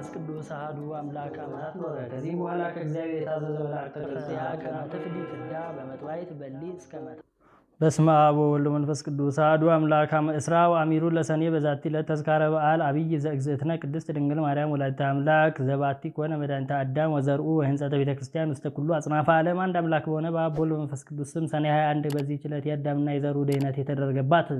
መንፈስ ቅዱስ አህዱ አምላክ አማት ኖረ። ከዚህ በኋላ ከእግዚአብሔር የታዘዘ መልአክ ተቀያ ከመተ ፍዲት ዳ በመጥባይት በሊ እስከ መት በስመ አብ ወወልድ ወመንፈስ ቅዱስ አሐዱ አምላክ አመ እስራ ወአሚሩ ለሰኔ በዛቲ ዕለት ተዝካረ በዓል አብይ ዘእግዝእትነ ቅድስት ድንግል ማርያም ወላዲተ አምላክ ዘባቲ ኮነ መድኃኒተ አዳም ወዘርኡ ወሕንጸተ ቤተ ክርስቲያን ውስተ ኩሉ አጽናፈ ዓለም። አንድ አምላክ በሆነ በአብ በወልድ በመንፈስ ቅዱስ ስም ሰኔ 21 በዚህች ዕለት የአዳምና የዘሩ ድኅነት የተደረገባት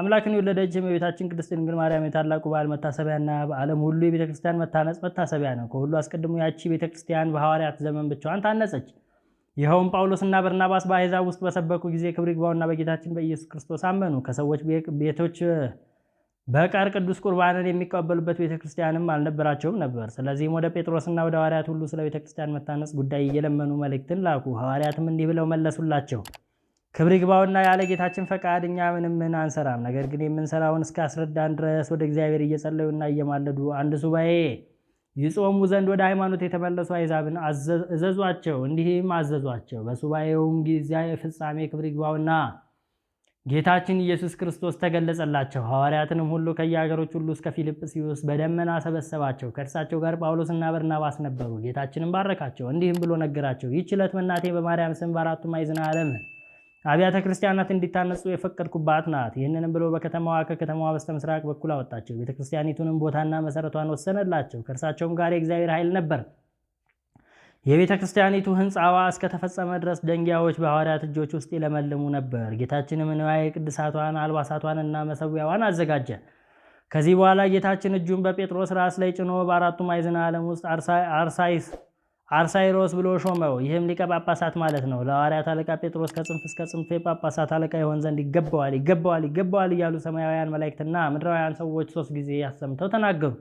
አምላክን የወለደች የእመቤታችን ቅድስት ድንግል ማርያም የታላቁ በዓል መታሰቢያና በዓለም ሁሉ የቤተክርስቲያን መታነጽ መታሰቢያ ነው። ከሁሉ አስቀድሞ ያቺ ቤተክርስቲያን በሐዋርያት ዘመን ብቻዋን ታነጸች። ይኸውም ጳውሎስና በርናባስ በአሕዛብ ውስጥ በሰበኩ ጊዜ ክብር ይግባውና በጌታችን በኢየሱስ ክርስቶስ አመኑ። ከሰዎች ቤቶች በቀር ቅዱስ ቁርባንን የሚቀበሉበት ቤተክርስቲያንም አልነበራቸውም ነበር። ስለዚህም ወደ ጴጥሮስና ወደ ሐዋርያት ሁሉ ስለ ቤተክርስቲያን መታነጽ ጉዳይ እየለመኑ መልእክትን ላኩ። ሐዋርያትም እንዲህ ብለው መለሱላቸው። ክብር ይግባውና ያለ ጌታችን ፈቃድ እኛ ምንም ምን አንሰራም። ነገር ግን የምንሰራውን እስከ አስረዳን ድረስ ወደ እግዚአብሔር እየጸለዩና እየማለዱ አንድ ሱባኤ ይጾሙ ዘንድ ወደ ሃይማኖት የተመለሱ አይዛብን እዘዟቸው፣ እንዲህም አዘዟቸው። በሱባኤውም ጊዜ ፍጻሜ ክብር ይግባውና ጌታችን ኢየሱስ ክርስቶስ ተገለጸላቸው። ሐዋርያትንም ሁሉ ከየአገሮች ሁሉ እስከ ፊልጵስዩስ በደመና ሰበሰባቸው። ከእርሳቸው ጋር ጳውሎስና በርናባስ ነበሩ። ጌታችንም ባረካቸው፣ እንዲህም ብሎ ነገራቸው። ይህች ዕለት መናቴ በማርያም ስም በአራቱ ማዕዘነ ዓለም አብያተ ክርስቲያናት እንዲታነጹ የፈቀድኩባት ናት። ይህንንም ብሎ በከተማዋ ከከተማዋ በስተምስራቅ በኩል አወጣቸው። ቤተ ክርስቲያኒቱንም ቦታና መሰረቷን ወሰነላቸው። ከእርሳቸውም ጋር የእግዚአብሔር ኃይል ነበር። የቤተ ክርስቲያኒቱ ህንፃዋ እስከተፈጸመ ድረስ ደንጊያዎች በሐዋርያት እጆች ውስጥ ይለመልሙ ነበር። ጌታችንም ንዋየ ቅድሳቷን አልባሳቷንና መሰዊያዋን አዘጋጀ። ከዚህ በኋላ ጌታችን እጁን በጴጥሮስ ራስ ላይ ጭኖ በአራቱ ማዕዘነ ዓለም ውስጥ አርሳይስ አርሳይሮስ ብሎ ሾመው። ይህም ሊቀ ጳጳሳት ማለት ነው። ለሐዋርያት አለቃ ጴጥሮስ ከጽንፍ እስከ ጽንፍ የጳጳሳት አለቃ ይሆን ዘንድ ይገባዋል፣ ይገባዋል፣ ይገባዋል እያሉ ሰማያውያን መላእክትና ምድራውያን ሰዎች ሶስት ጊዜ አሰምተው ተናገሩ።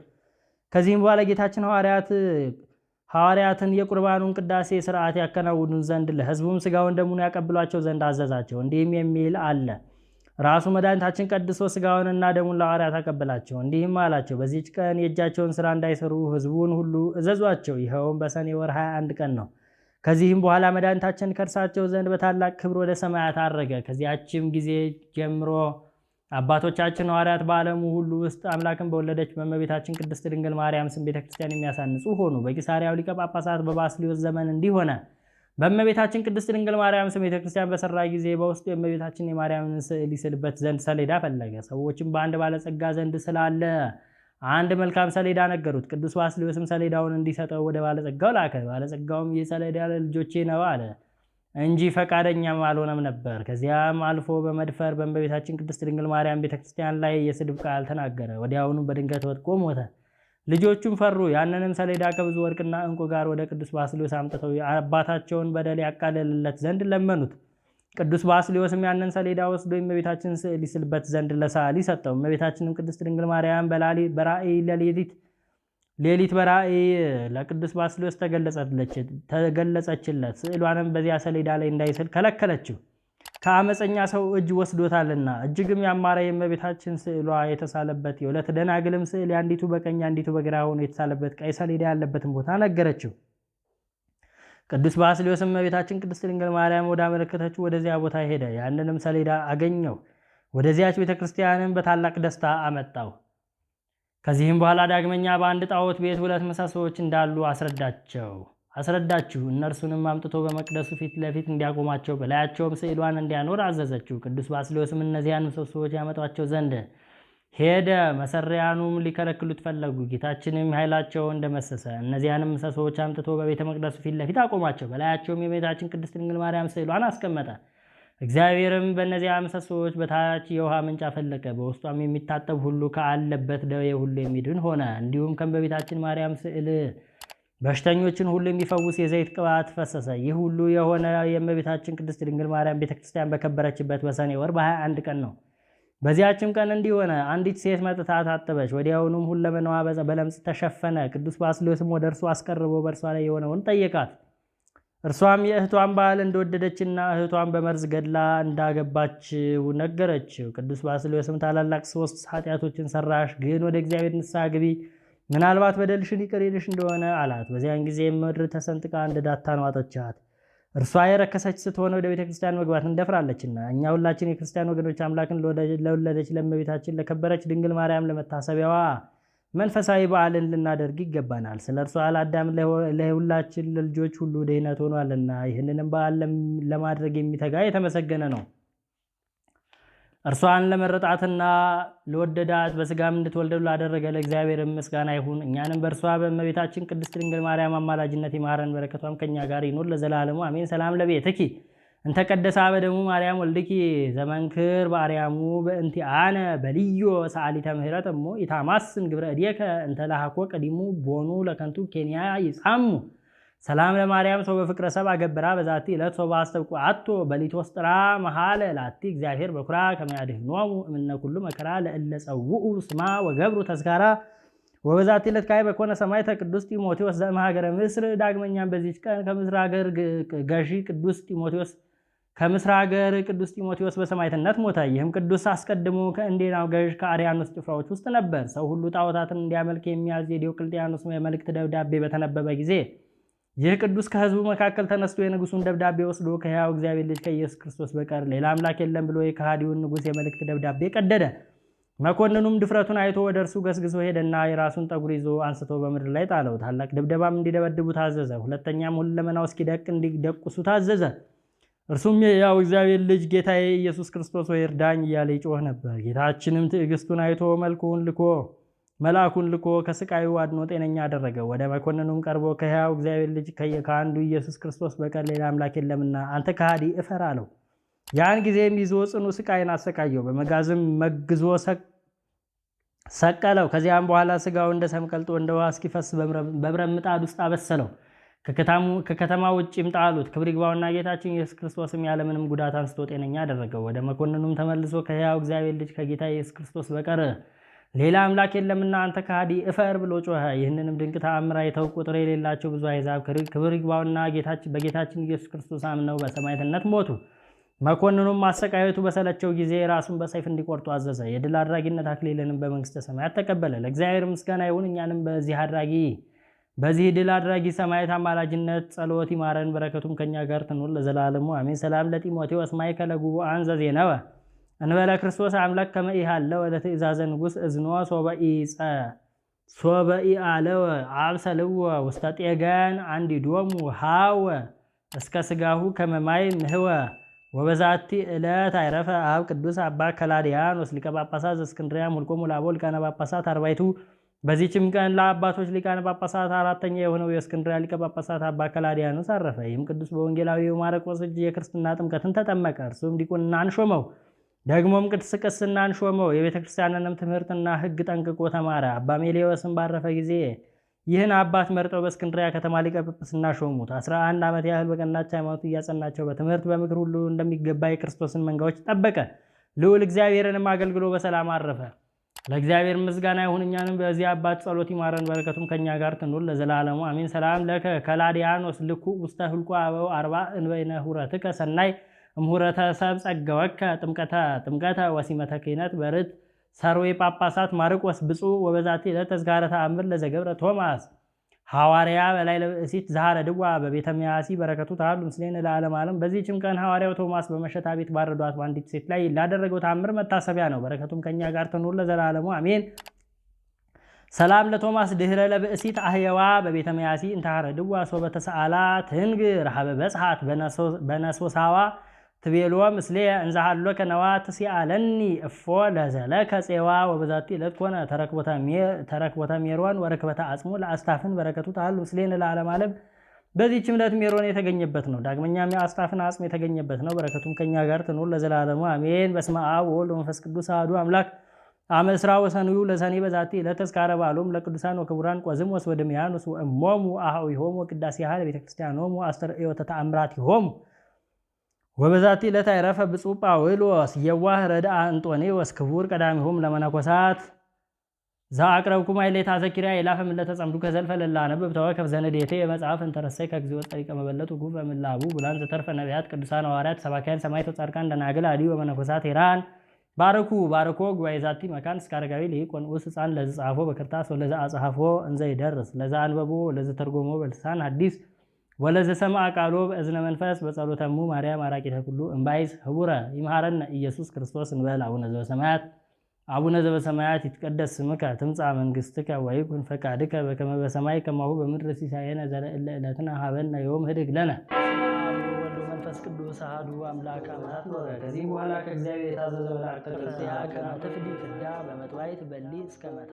ከዚህም በኋላ ጌታችን ሐዋርያት ሐዋርያትን የቁርባኑን ቅዳሴ ስርዓት ያከናውኑን ዘንድ ለሕዝቡም ስጋውን ደሙን ያቀብሏቸው ዘንድ አዘዛቸው። እንዲህም የሚል አለ ራሱ መድኃኒታችን ቀድሶ ስጋውንና ደሙን ለሐዋርያት አቀበላቸው፣ እንዲህም አላቸው፦ በዚች ቀን የእጃቸውን ስራ እንዳይሰሩ ህዝቡን ሁሉ እዘዟቸው። ይኸውም በሰኔ ወር 21 ቀን ነው። ከዚህም በኋላ መድኃኒታችን ከእርሳቸው ዘንድ በታላቅ ክብር ወደ ሰማያት አረገ። ከዚያችም ጊዜ ጀምሮ አባቶቻችን ሐዋርያት በዓለሙ ሁሉ ውስጥ አምላክን በወለደች በእመቤታችን ቅድስት ድንግል ማርያም ስም ቤተክርስቲያን የሚያሳንጹ ሆኑ። በቂሳሪያው ሊቀ ጳጳሳት በባስልዮስ ዘመን እንዲህ ሆነ። በእመቤታችን ቅድስት ድንግል ማርያም ስም ቤተክርስቲያን በሰራ ጊዜ በውስጡ የእመቤታችን የማርያምን ስዕል ይስልበት ዘንድ ሰሌዳ ፈለገ። ሰዎችም በአንድ ባለጸጋ ዘንድ ስላለ አንድ መልካም ሰሌዳ ነገሩት። ቅዱስ ባስልዮስም ሰሌዳውን እንዲሰጠው ወደ ባለጸጋው ላከ። ባለጸጋውም ይህ ሰሌዳ ለልጆቼ ነው አለ እንጂ ፈቃደኛም አልሆነም ነበር። ከዚያም አልፎ በመድፈር በእመቤታችን ቅድስት ድንግል ማርያም ቤተክርስቲያን ላይ የስድብ ቃል ተናገረ። ወዲያውኑ በድንገት ወድቆ ሞተ። ልጆቹም ፈሩ። ያንንም ሰሌዳ ከብዙ ወርቅና እንቁ ጋር ወደ ቅዱስ ባስልዮስ አምጥተው አባታቸውን በደል ያቃለልለት ዘንድ ለመኑት። ቅዱስ ባስልዮስም ያንን ሰሌዳ ወስዶ የእመቤታችንን ስዕል ይስልበት ዘንድ ለሰዓሊ ሰጠው። እመቤታችንም ቅድስት ድንግል ማርያም በራእይ ለሌሊት ሌሊት በራእይ ለቅዱስ ባስልዮስ ተገለጸችለት። ስዕሏንም በዚያ ሰሌዳ ላይ እንዳይስል ከለከለችው። ከአመፀኛ ሰው እጅ ወስዶታልና እጅግም ያማረ የእመቤታችን ስዕሏ የተሳለበት የሁለት ደናግልም ስዕል አንዲቱ በቀኝ አንዲቱ በግራ ሆኖ የተሳለበት ቀይ ሰሌዳ ያለበትን ቦታ ነገረችው። ቅዱስ ባስልዮስ እመቤታችን ቅድስት ድንግል ማርያም ወደ አመለከተችው ወደዚያ ቦታ ሄደ። ያንንም ሰሌዳ አገኘው። ወደዚያች ቤተ ክርስቲያንን በታላቅ ደስታ አመጣው። ከዚህም በኋላ ዳግመኛ በአንድ ጣዖት ቤት ሁለት ምሰሶዎች እንዳሉ አስረዳቸው። አስረዳችሁ። እነርሱንም አምጥቶ በመቅደሱ ፊት ለፊት እንዲያቆማቸው በላያቸውም ስዕሏን እንዲያኖር አዘዘችው። ቅዱስ ባስሌዎስም እነዚያን ምሰሶዎች ያመጧቸው ዘንድ ሄደ። መሰሪያኑም ሊከለክሉት ፈለጉ። ጌታችንም ኃይላቸው እንደመሰሰ እነዚያንም ምሰሶዎች አምጥቶ በቤተ መቅደሱ ፊት ለፊት አቆማቸው። በላያቸውም የቤታችን ቅድስት ድንግል ማርያም ስዕሏን አስቀመጠ። እግዚአብሔርም በእነዚያ ምሰሶዎች በታች የውሃ ምንጭ አፈለቀ። በውስጧም የሚታጠብ ሁሉ ከአለበት ደዌ ሁሉ የሚድን ሆነ። እንዲሁም ከእመቤታችን ማርያም ስዕል በሽተኞችን ሁሉ የሚፈውስ የዘይት ቅባት ፈሰሰ። ይህ ሁሉ የሆነ የእመቤታችን ቅድስት ድንግል ማርያም ቤተክርስቲያን በከበረችበት በሰኔ ወር በ21 ቀን ነው። በዚያችም ቀን እንዲህ ሆነ። አንዲት ሴት መጥታ ታጠበች፣ ወዲያውኑም ሁለመናዋ በለምጽ ተሸፈነ። ቅዱስ ባስልዮስም ወደ እርሱ አስቀርቦ በእርሷ ላይ የሆነውን ጠየቃት። እርሷም የእህቷን ባል እንደወደደችና እህቷን በመርዝ ገድላ እንዳገባችው ነገረችው። ቅዱስ ባስልዮስም ታላላቅ ሶስት ኃጢአቶችን ሰራሽ፣ ግን ወደ እግዚአብሔር ንስሐ ግቢ ምናልባት በደልሽን ይቅር ይልሽ እንደሆነ አላት። በዚያን ጊዜ ምድር ተሰንጥቃ እንደ ዳታን ዋጠቻት። እርሷ የረከሰች ስትሆነ ወደ ቤተ ክርስቲያን መግባት እንደፍራለችና እኛ ሁላችን የክርስቲያን ወገኖች አምላክን ለወለደች ለመቤታችን ለከበረች ድንግል ማርያም ለመታሰቢያዋ መንፈሳዊ በዓልን ልናደርግ ይገባናል። ስለ እርሷ ለአዳም ለሁላችን ለልጆች ሁሉ ድህነት ሆኗልና ይህንንም በዓል ለማድረግ የሚተጋ የተመሰገነ ነው። እርሷን ለመረጣትና ለወደዳት በስጋም እንድትወልደው ላደረገ ለእግዚአብሔር ምስጋና ይሁን። እኛንም በእርሷ በእመቤታችን ቅድስት ድንግል ማርያም አማላጅነት ይማረን፣ በረከቷም ከኛ ጋር ይኑር ለዘላለሙ አሜን። ሰላም ለቤትኪ እንተ ቀደሳ በደሙ ማርያም ወልድኪ ዘመንክር በአርያሙ በእንቲ አነ በልዮ ሰዓሊተ ምህረት እሞ ኢታማስን ግብረ እዴከ እንተ ለሃኮ ቀዲሙ ቦኑ ለከንቱ ኬንያ ይጻሙ ሰላም ለማርያም ሰው በፍቅረ ሰብ አገብራ በዛቲ ዕለት ሰው በአስተብቁ አቶ በሊቶስጥራ መሃል ላቲ እግዚአብሔር በኩራ ከመያድህ ኖሙ እምነ ኩሉ መከራ ለእለ ጸውኡ ስማ ወገብሩ ተስካራ ወበዛቲ ዕለት ካይ በኮነ ሰማይ ተቅዱስ ጢሞቴዎስ ዘእምሀገረ ምስር። ዳግመኛም በዚች ቀን ከምስር ሀገር ገዢ ቅዱስ ጢሞቴዎስ ከምስር ሀገር ቅዱስ ጢሞቴዎስ በሰማዕትነት ሞተ። ይህም ቅዱስ አስቀድሞ ከእንዴናው ገዥ ከአርያኖስ ጭፍራዎች ውስጥ ነበር። ሰው ሁሉ ጣዖታትን እንዲያመልክ የሚያዝ የዲዮቅልጥያኖስ መልእክት ደብዳቤ በተነበበ ጊዜ ይህ ቅዱስ ከህዝቡ መካከል ተነስቶ የንጉሱን ደብዳቤ ወስዶ ከሕያው እግዚአብሔር ልጅ ከኢየሱስ ክርስቶስ በቀር ሌላ አምላክ የለም ብሎ የከሃዲውን ንጉሥ የመልእክት ደብዳቤ ቀደደ። መኮንኑም ድፍረቱን አይቶ ወደ እርሱ ገስግሶ ሄደና የራሱን ጠጉር ይዞ አንስቶ በምድር ላይ ጣለው። ታላቅ ድብደባም እንዲደበድቡ ታዘዘ። ሁለተኛም ሁለመናው እስኪደቅ እንዲደቁሱ ታዘዘ። እርሱም የሕያው እግዚአብሔር ልጅ ጌታዬ ኢየሱስ ክርስቶስ ወይ እርዳኝ እያለ ይጮህ ነበር። ጌታችንም ትዕግስቱን አይቶ መልኩን ልኮ መልአኩን ልኮ ከስቃዩ አድኖ ጤነኛ አደረገ። ወደ መኮንኑም ቀርቦ ከሕያው እግዚአብሔር ልጅ ከአንዱ ኢየሱስ ክርስቶስ በቀር ሌላ አምላክ የለምና አንተ ከሃዲ እፈር አለው። ያን ጊዜም ይዞ ጽኑ ስቃይን አሰቃየው። በመጋዝም መግዞ ሰቀለው። ከዚያም በኋላ ስጋው እንደ ሰም ቀልጦ እንደ ውሃ እስኪፈስ በብረት ምጣድ ውስጥ አበሰለው። ከከተማ ውጭም ጣሉት። ክብር ይግባውና ጌታችን ኢየሱስ ክርስቶስም ያለምንም ጉዳት አንስቶ ጤነኛ አደረገው። ወደ መኮንኑም ተመልሶ ከሕያው እግዚአብሔር ልጅ ከጌታ ኢየሱስ ክርስቶስ በቀር ሌላ አምላክ የለምና አንተ ከሃዲ እፈር ብሎ ጮኸ። ይህንንም ድንቅ ተአምር አይተው ቁጥር የሌላቸው ብዙ አሕዛብ ክብር ይግባውና በጌታችን ኢየሱስ ክርስቶስ አምነው በሰማዕትነት ሞቱ። መኮንኑም ማሰቃየቱ በሰለቸው ጊዜ ራሱን በሰይፍ እንዲቆርጡ አዘዘ። የድል አድራጊነት አክሊልንም በመንግስተ ሰማያት ተቀበለ። ለእግዚአብሔር ምስጋና ይሁን። እኛንም በዚህ አድራጊ በዚህ ድል አድራጊ ሰማዕት አማላጅነት ጸሎት ይማረን፣ በረከቱም ከእኛ ጋር ትኑር ለዘላለሙ አሜን። ሰላም ለጢሞቴዎስ ማእከለ አንዘ እንበለ ክርስቶስ አምላክ ከመኢሃለወ ለትእዛዘ ንጉሥ እዝኖ ሶበኢፀ ሶበኢአለወ አብሰልወ ውስተ ጤጋን አንዲዶሙ ሃወ እስከ ስጋሁ ከመማይ ምህወ ወበዛቲ ዕለት አይረፈ አብ ቅዱስ አባ ከላዲያኖስ ሊቀ ጳጳሳት ዘእስክንድርያ ሙልቆሙ ላቦ ሊቃነ ጳጳሳት አርባይቱ። በዚህችም ቀን ለአባቶች ሊቃነ ጳጳሳት አራተኛ የሆነው የእስክንድርያ ሊቀ ጳጳሳት አባ ከላዲያኖስ አረፈ። ይህም ቅዱስ በወንጌላዊ ማርቆስ እጅ የክርስትና ጥምቀትን ተጠመቀ። እርሱም ዲቁናን ሾመው። ደግሞም ቅድስ ቅስናን ሾመው፣ የቤተ ክርስቲያንንም ትምህርትና ሕግ ጠንቅቆ ተማረ። አባ ባረፈ ጊዜ ይህን አባት መርጠው በእስክንድሪያ ከተማ ሊቀ ጵጵስና ሾሙት። 11 ዓመት ያህል በቀናች ሃይማኖቱ እያጸናቸው በትምህርት በምክር ሁሉ እንደሚገባ የክርስቶስን መንጋዎች ጠበቀ። ልዑል እግዚአብሔርንም አገልግሎ በሰላም አረፈ። ለእግዚአብሔር ምስጋና ይሁን፣ እኛንም በዚህ አባት ጸሎት ይማረን፣ በረከቱም ከእኛ ጋር ትኑር ለዘላለሙ አሜን። ሰላም ለከ ከላዲያኖስ ልኩ ውስተ ህልቁ አበው አርባ እንበይነ ሁረትከ ሰናይ እምሁረተ ሳብ ጸጋወካ ጥምቀታ ጥምቀታ ወሲመተ ኪነት በርት ሰርዌ ጳጳሳት ማርቆስ ብፁ ወበዛቲ ለተዝጋረ ተአምር ለዘገብረ ቶማስ ሐዋርያ በላይ ለብእሲት ዛሃረ ድዋ በቤተ ሚያሲ በረከቱ ታሉ ምስሌን ለዓለም ዓለም። በዚህችም ቀን ሐዋርያው ቶማስ በመሸታ ቤት ባረዷት በአንዲት ሴት ላይ ላደረገው ታምር መታሰቢያ ነው። በረከቱም ከእኛ ጋር ትኑር ለዘላለሙ አሜን። ሰላም ለቶማስ ድህረ ለብእሲት አህየዋ በቤተ ሚያሲ እንታረ ድዋ ሶበተሰአላ ትንግር ሀበ በጽሐት በነሶሳዋ ትቤሎ ምስሌ እንዛሃሎ ከነዋ ትሲአለኒ እፎ ለዘለ ከፄዋ ወበዛቲ ዕለት ኮነ ተረክቦታ ሜሮን ወረክበታ አጽሙ ለአስታፍን በረከቱ ታህል ምስሌ ንለዓለም ዓለም። በዚህችም ዕለት ሜሮን የተገኘበት ነው። ዳግመኛም የአስታፍን አጽም የተገኘበት ነው። በረከቱም ከእኛ ጋር ትኑር ለዘላለሙ አሜን። በስመ አብ ወወልድ ወመንፈስ ቅዱስ አሐዱ አምላክ አመ ዕስራ ወሰንዩ ለሰኔ በዛቲ ዕለት ተዝካረ በዓሎሙ ለቅዱሳን ወክቡራን ቆዝም ወስወድምያኖስ ወእሞሙ አኀዊሆሙ ቅዳሴሃ ለቤተክርስቲያኖሙ አስተርእዮ ተተአምራቲሆሙ ወበዛቲ ዕለት አዕረፈ ብፁዕ ጳውሎስ የዋህ ረድአ አንጦኔዎስ ክቡር ቀዳሚሆም ለመነኮሳት ዘአቅረብኩማ ኢሌታ ዘኪርያ የላፈ ምለተ ጸምዱ ከዘልፈ ለላ ነብብ ተወከፍ ዘነዴቴ የመጽሐፍ እንተረሰይ ከእግዚኦ ጠሪቀ መበለቱ ጉበ ምላቡ ብላን ዘተርፈ ነቢያት ቅዱሳን ሐዋርያት ሰባካያን ሰማዕታት ጻድቃን ደናግል አዲ ወመነኮሳት ሄራን ባረኩ ባረኮ ጉባኤ ዛቲ መካን እስከ አረጋዊ ሊቆን ውስ ሕፃን ለዝ ጻፎ በክርታስ ወለዛ አጽሐፎ እንዘ ይደርስ ለዛ አንበቦ ለዘ ተርጎሞ በልሳን አዲስ ወለዘሰማዕ ቃሎ በእዝነ መንፈስ በጸሎተሙ ማርያም አራቂተ ኩሉ እምባይስ ህቡረ ይምሃረነ ኢየሱስ ክርስቶስ እንበል። አቡነ ዘበሰማያት አቡነ ዘበሰማያት ይትቀደስ ስምከ ትምጻእ መንግሥትከ ወይኩን ፈቃድከ በከመ በሰማይ ከማሁ በምድር ሲሳየነ ዘለዕለ ዕለትነ ሀበነ ዮም ህድግ ለነ መንፈስ ቅዱስ አሐዱ አምላክ አማት ከዚህ በኋላ ከእግዚአብሔር የታዘዘ መላእክተ ክርስቲያ ከመ ትፍዲ ፍዳ በመጥዋዕት በሊ እስከ መጣ